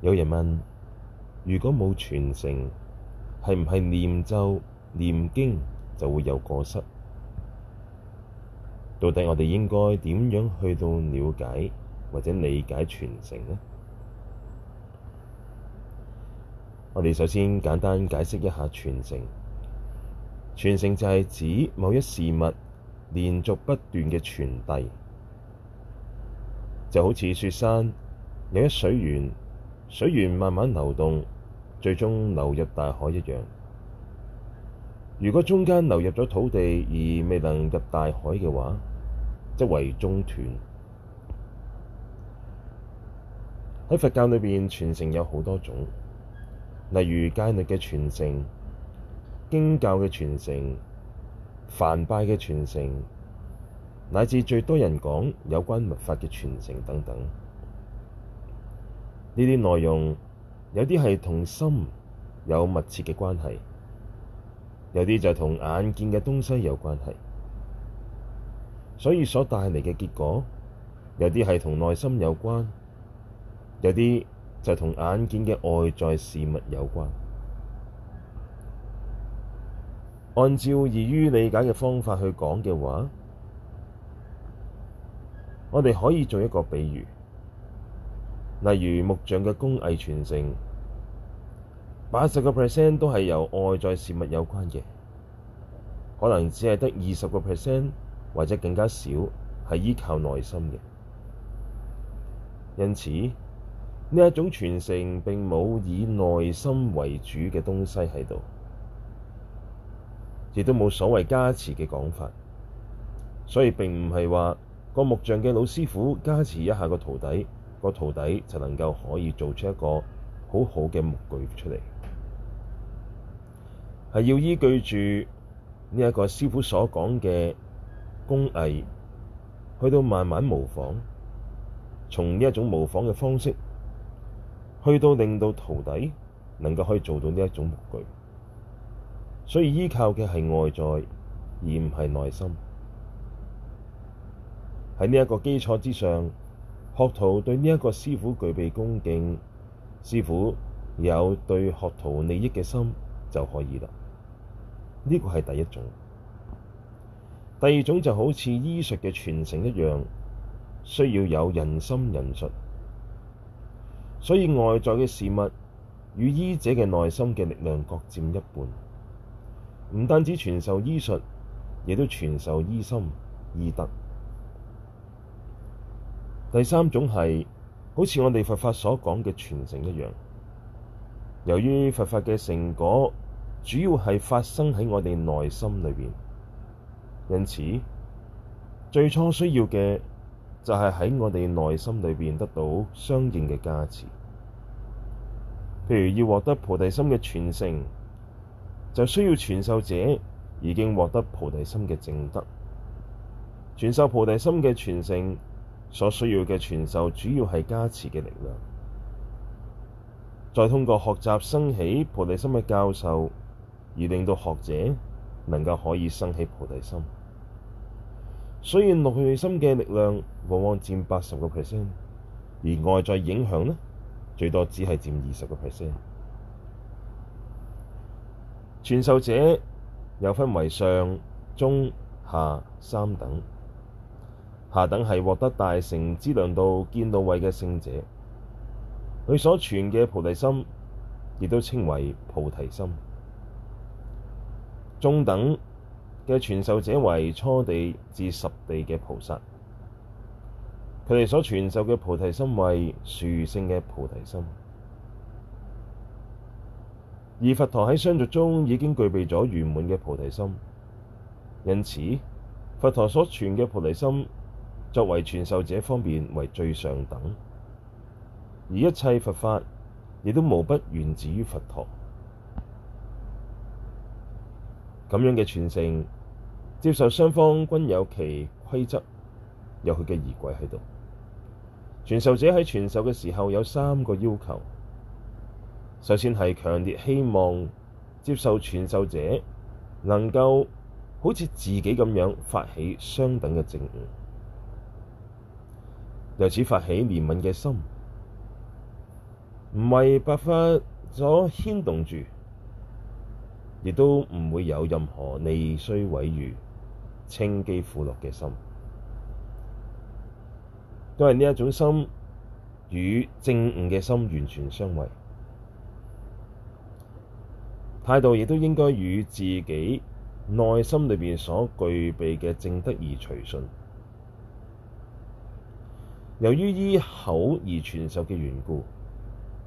有人問：如果冇傳承，係唔係念咒念經就會有過失？到底我哋應該點樣去到了解或者理解傳承呢？我哋首先簡單解釋一下傳承。傳承就係指某一事物連續不斷嘅傳遞，就好似雪山有一水源。水源慢慢流動，最終流入大海一樣。如果中間流入咗土地而未能入大海嘅話，即為中斷。喺佛教裏邊，傳承有好多種，例如戒律嘅傳承、經教嘅傳承、梵唄嘅傳承，乃至最多人講有關密法嘅傳承等等。呢啲內容有啲係同心有密切嘅關係，有啲就同眼見嘅東西有關係，所以所帶嚟嘅結果有啲係同內心有關，有啲就同眼見嘅外在事物有關。按照易於理解嘅方法去講嘅話，我哋可以做一個比喻。例如木匠嘅工藝傳承，八十個 percent 都係由外在事物有關嘅，可能只係得二十個 percent 或者更加少，係依靠內心嘅。因此呢一種傳承並冇以內心為主嘅東西喺度，亦都冇所謂加持嘅講法。所以並唔係話個木匠嘅老師傅加持一下個徒弟。個徒弟就能夠可以做出一個好好嘅木具出嚟，係要依據住呢一個師傅所講嘅工藝，去到慢慢模仿，從呢一種模仿嘅方式，去到令到徒弟能夠可以做到呢一種木具，所以依靠嘅係外在而唔係內心，喺呢一個基礎之上。學徒對呢一個師傅具備恭敬，師傅有對學徒利益嘅心就可以啦。呢個係第一種。第二種就好似醫術嘅傳承一樣，需要有仁心仁術。所以外在嘅事物與醫者嘅內心嘅力量各佔一半。唔單止傳授醫術，亦都傳授醫心醫德。第三種係好似我哋佛法所講嘅傳承一樣，由於佛法嘅成果主要係發生喺我哋內心裏邊，因此最初需要嘅就係喺我哋內心裏邊得到相應嘅加持。譬如要獲得菩提心嘅傳承，就需要傳授者已經獲得菩提心嘅證德，傳授菩提心嘅傳承。所需要嘅傳授主要係加持嘅力量，再通過學習生起菩提心嘅教授，而令到學者能夠可以生起菩提心。雖然內心嘅力量往往佔八十個 percent，而外在影響呢，最多只係佔二十個 percent。傳授者又分為上、中、下三等。下等係獲得大乘資糧道至見道位嘅聖者，佢所傳嘅菩提心亦都稱為菩提心。中等嘅傳授者為初地至十地嘅菩薩，佢哋所傳授嘅菩提心為殊勝嘅菩提心。而佛陀喺相續中已經具備咗圓滿嘅菩提心，因此佛陀所傳嘅菩提心，作為傳授者方面為最上等，而一切佛法亦都無不源自於佛陀。咁樣嘅傳承，接受雙方均有其規則，有佢嘅儀軌喺度。傳授者喺傳授嘅時候有三個要求，首先係強烈希望接受傳授者能夠好似自己咁樣發起相等嘅證悟。由此發起憐憫嘅心，唔係八法所牽動住，亦都唔會有任何利衰毀譽、稱譏苦樂嘅心。都係呢一種心，與證悟嘅心完全相違。態度亦都應該與自己內心裏邊所具備嘅證德而隨順。由於依口而傳授嘅緣故，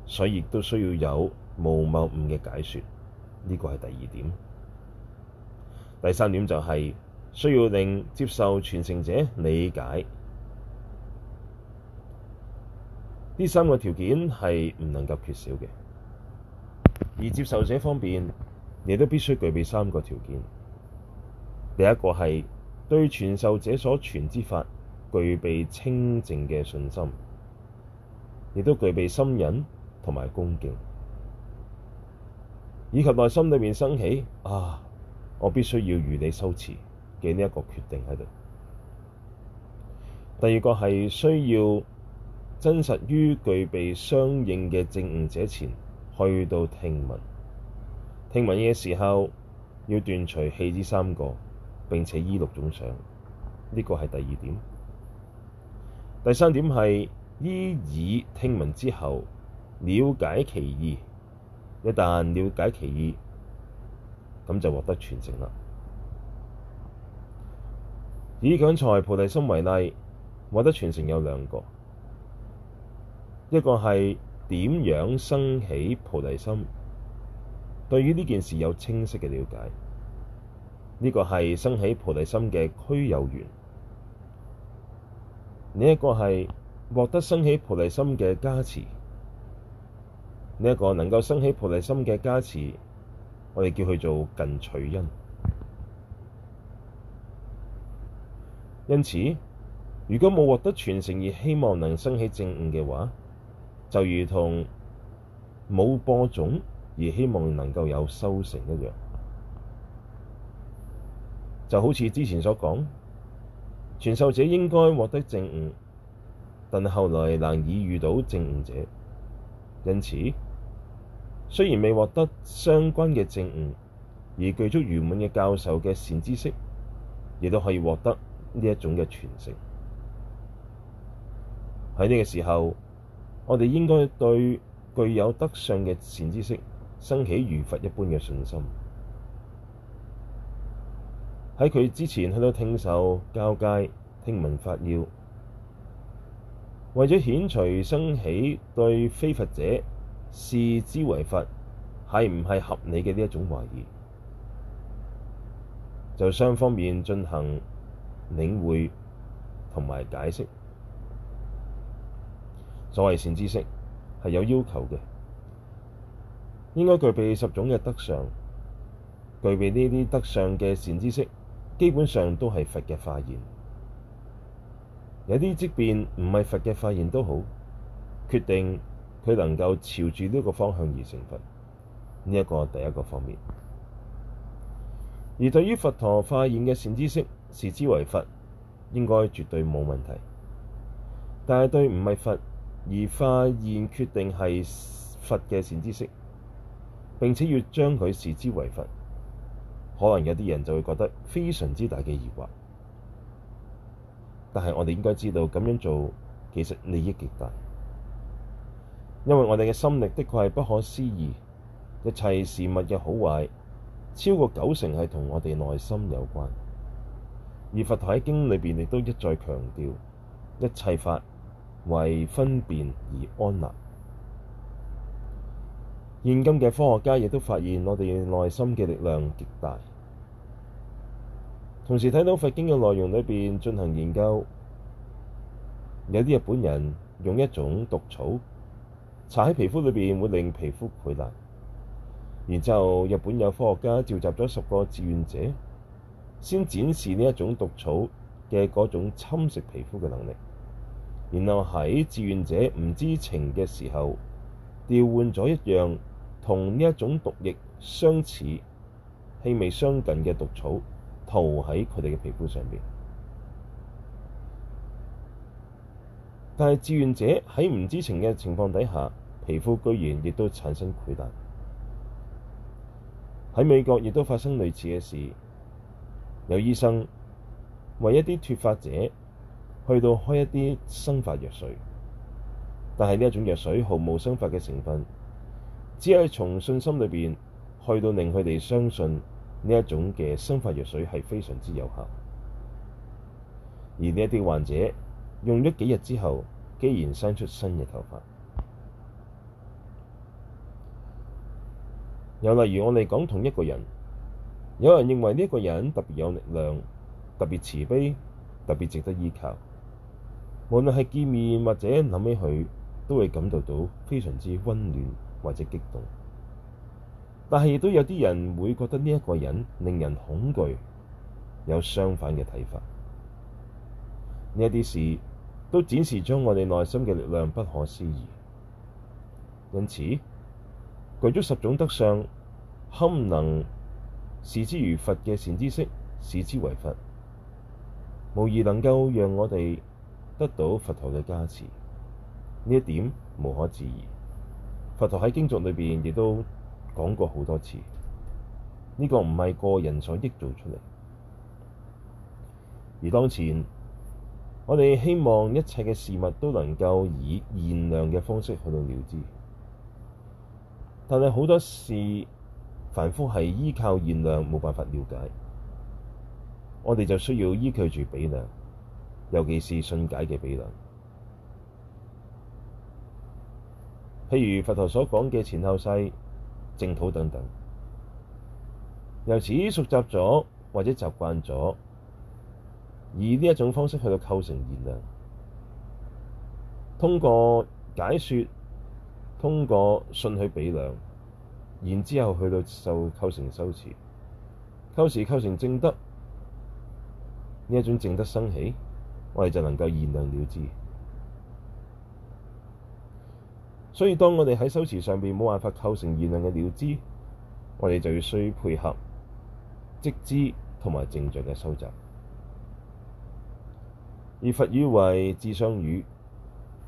所以亦都需要有無謬誤嘅解說，呢個係第二點。第三點就係需要令接受傳承者理解，呢三個條件係唔能夠缺少嘅。而接受者方面，亦都必須具備三個條件。第一個係對傳授者所傳之法。具備清淨嘅信心，亦都具備深忍同埋恭敬，以及內心裏面生起啊，我必須要如理修持嘅呢一個決定喺度。第二個係需要真實於具備相應嘅證悟者前去到聽聞，聽聞嘅時候要斷除器之三過，並且依六種想。呢個係第二點。第三點係依耳聽聞之後，了解其意。一旦了解其意，咁就獲得傳承啦。以剛才菩提心為例，獲得傳承有兩個，一個係點樣生起菩提心，對於呢件事有清晰嘅了解。呢個係生起菩提心嘅俱有緣。呢一個係獲得生起菩提心嘅加持，呢一個能夠生起菩提心嘅加持，我哋叫佢做近取因。因此，如果冇獲得傳承而希望能生起證悟嘅話，就如同冇播種而希望能夠有收成一樣，就好似之前所講。傳授者應該獲得證悟，但後來難以遇到證悟者，因此雖然未獲得相關嘅證悟，而具足圓滿嘅教授嘅善知識，亦都可以獲得呢一種嘅傳承。喺呢個時候，我哋應該對具有德相嘅善知識生起如佛一般嘅信心。喺佢之前，喺度聽受教戒、聽聞法要，為咗遣除生起對非佛者視之為佛係唔係合理嘅呢一種懷疑，就雙方面進行領會同埋解釋。所謂善知識係有要求嘅，應該具備十種嘅德相，具備呢啲德相嘅善知識，基本上都係佛嘅化現，有啲即便唔係佛嘅化現都好，決定佢能夠朝住呢個方向而成佛，呢一個第一個方面。而對於佛陀化現嘅善知識，視之為佛，應該絕對冇問題。但係對唔係佛而化現，決定係佛嘅善知識，並且要將佢視之為佛。可能有啲人就會覺得非常之大嘅疑惑，但係我哋應該知道咁樣做其實利益極大，因為我哋嘅心力的確係不可思議，一切事物嘅好壞超過九成係同我哋內心有關。而佛陀喺經裏邊亦都一再強調，一切法為分別而安立。現今嘅科學家亦都發現我哋內心嘅力量極大。同時睇到佛經嘅內容裏邊進行研究，有啲日本人用一種毒草搽喺皮膚裏邊，會令皮膚潰爛。然之後，日本有科學家召集咗十個志願者，先展示呢一種毒草嘅嗰種侵蝕皮膚嘅能力，然後喺志願者唔知情嘅時候，調換咗一樣同呢一種毒液相似、氣味相近嘅毒草。塗喺佢哋嘅皮膚上面，但係志願者喺唔知情嘅情況底下，皮膚居然亦都產生潰爛。喺美國亦都發生類似嘅事，有醫生為一啲脫髮者去到開一啲生髮藥水，但係呢一種藥水毫無生髮嘅成分，只係從信心裏邊去到令佢哋相信。呢一種嘅生髮藥水係非常之有效，而呢一啲患者用咗幾日之後，竟然生出新嘅頭髮。又例如我哋講同一個人，有人認為呢一個人特別有力量、特別慈悲、特別值得依靠，無論係見面或者諗起佢，都會感到到非常之温暖或者激動。但係，亦都有啲人會覺得呢一個人令人恐懼，有相反嘅睇法。呢一啲事都展示咗我哋內心嘅力量不可思議。因此，具足十種德相堪能視之如佛嘅善知識，視之為佛，無疑能夠讓我哋得到佛陀嘅加持。呢一點無可置疑。佛陀喺經續裏邊亦都講過好多次，呢個唔係個人所臆造出嚟，而當前我哋希望一切嘅事物都能夠以現量嘅方式去到了知，但係好多事凡夫係依靠現量冇辦法了解，我哋就需要依據住比量，尤其是信解嘅比量，譬如佛陀所講嘅前後世。正土等等，由此熟習咗或者習慣咗，以呢一種方式去到構成現量，通過解說，通過信許比量，然之後去到受構成修持，修持構成正德，呢一種正德生起，我哋就能夠現量了知。所以當我哋喺修持上邊冇辦法構成圓滿嘅了知，我哋就需要需配合積資同埋淨障嘅修習。而佛語為自相語，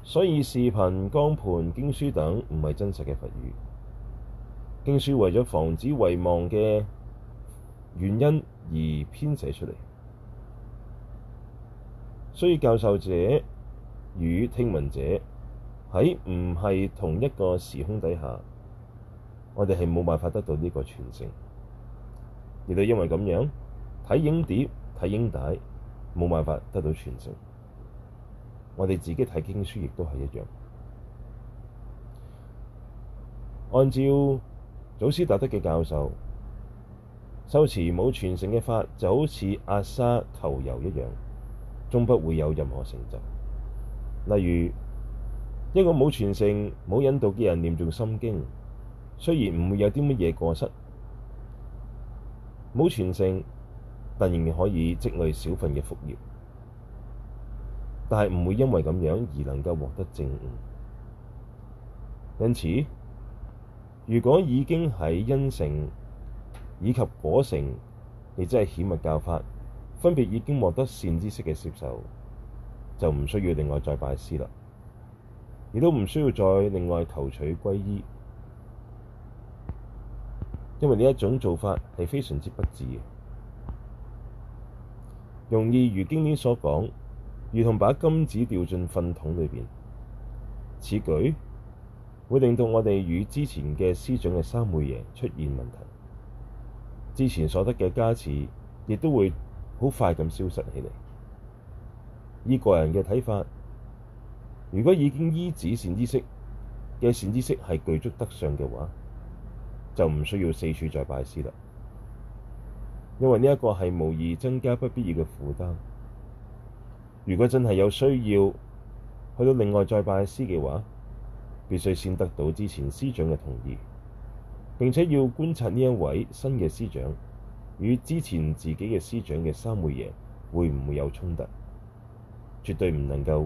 所以視頻、光盤、經書等唔係真實嘅佛語。經書為咗防止遺忘嘅原因而編寫出嚟，所以教授者與聽聞者，喺唔係同一個時空底下，我哋係冇辦法得到呢個傳承，亦都因為咁樣，睇影碟、睇影帶冇辦法得到傳承。我哋自己睇經書，亦都係一樣。按照祖師達德嘅教授，修持冇傳承嘅法，就好似壓沙求油一樣，終不會有任何成就。例如，一個冇傳承、冇引導嘅人念誦《心經》，雖然唔會有啲乜嘢過失，冇傳承，但仍然可以積累少分嘅福業，但係唔會因為咁樣而能夠獲得證悟。因此，如果已經喺因乘以及果乘，亦即係顯密教法分別已經獲得善知識嘅接受，就唔需要另外再拜師啦。亦都唔需要再另外求取皈依，因為呢一種做法係非常之不智嘅，容易如經典所講，如同把金子掉進糞桶裏邊。此舉會令到我哋與之前嘅師長嘅三昧耶出現問題，之前所得嘅加持亦都會好快咁消失起嚟。以個人嘅睇法。如果已經依止善知識嘅善知識係具足德相嘅話，就唔需要四處再拜師啦。因為呢一個係無意增加不必要嘅負擔。如果真係有需要去到另外再拜師嘅話，必須先得到之前師長嘅同意，並且要觀察呢一位新嘅師長與之前自己嘅師長嘅三昧耶會唔會有衝突，絕對唔能夠。